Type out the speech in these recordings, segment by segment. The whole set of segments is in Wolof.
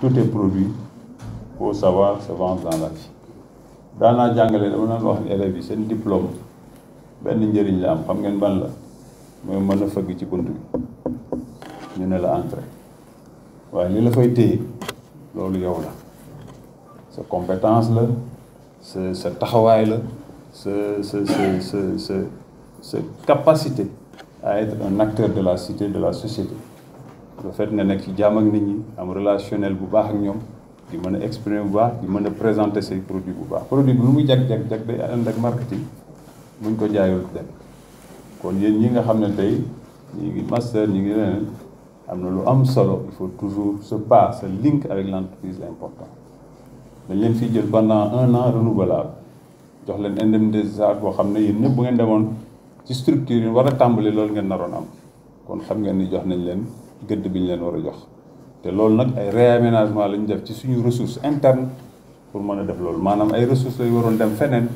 tout est produit pour savoir se vendre dans la vie daanaa jàngale dama naan wax élèves yi seen diplôme ben n'importe la am xam ban la mooy mën a fëgg ci bunt ñu ne la entrée waaye li la fay téye loolu yow la sa compétence là, ce, ce taxawaay la ce, ce, ce, ce, ce, sa capacité à être un acteur de la cité de la société le fait nga nekk ci jàmm ak nit ñi am relationnel bu baax ak ñoom di mën a exprimer bu baax di mën a présenté say produit bu baax produit bi lu muy jag-jag-jag day ànd ak marketing buñ ko jaayul dem kon yéen ñi nga xam ne tey ñi ngi master ñi ngi leneen am na lu am solo il faut toujours se pas se link avec l'entreprise important dañ leen fii jël pendant un an renouvelable jox leen indemnisation boo xam ne yéen ñëpp bu ngeen demoon ci structure yi war a tàmbali loolu ngeen naroon am kon xam ngeen ni jox nañ leen gëdd bi ñu leen war a jox te loolu nag ay réaménagement la ñu def ci suñu ressource interne pour mën a def loolu maanaam ay ressources lañu waroon dem feneen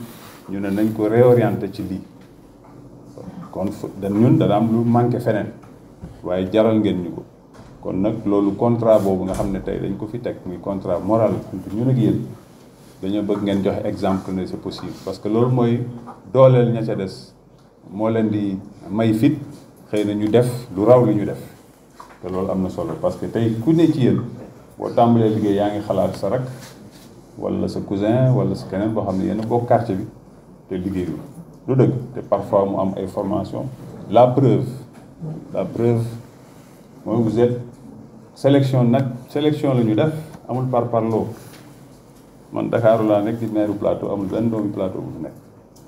ñu ne nañ ko réorienter ci lii kon da ñun dana am lu manqué feneen waaye jaral ngeen ñu ko kon nag loolu contrat boobu nga xam ne tey dañ ko fi teg muy contrat moral entre ñu ak yéen dañoo bëgg ngeen joxe exemple ne c'est possible parce que loolu mooy dooleel ña ca des moo leen di may fit xëy na ñu def lu raw li ñu def te loolu am na solo parce que tey ku ne ci yéen boo tàmbalee liggéey yaa ngi xalaat sa rak wala sa cousin wala sa keneen boo xam ne yéen boo quartier bi te liggéeyul lu dëgg te parfois mu am ay formation la preuve la preuve mooy vous êtes sélection nag sélection la ñu def amul par parlo man Dakar laa nekk di maire plateau amul benn doomu plateau bu fi nekk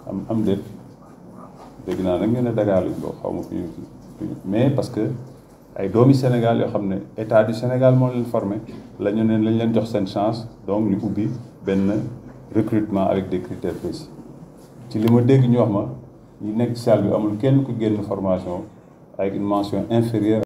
am am déet dégg naa nag ñu ne Dakar lañ boo xaw ma fi mais parce que ay doomi Sénégal yoo xam ne état du Sénégal moo leen formé la ñu ne lañ leen jox seen chance donc ñu ubbi benn recrutement avec des critères précis ci li ma dégg ñu wax ma ñi nekk salle bi amul kenn ku génn formation avec une mention inférieure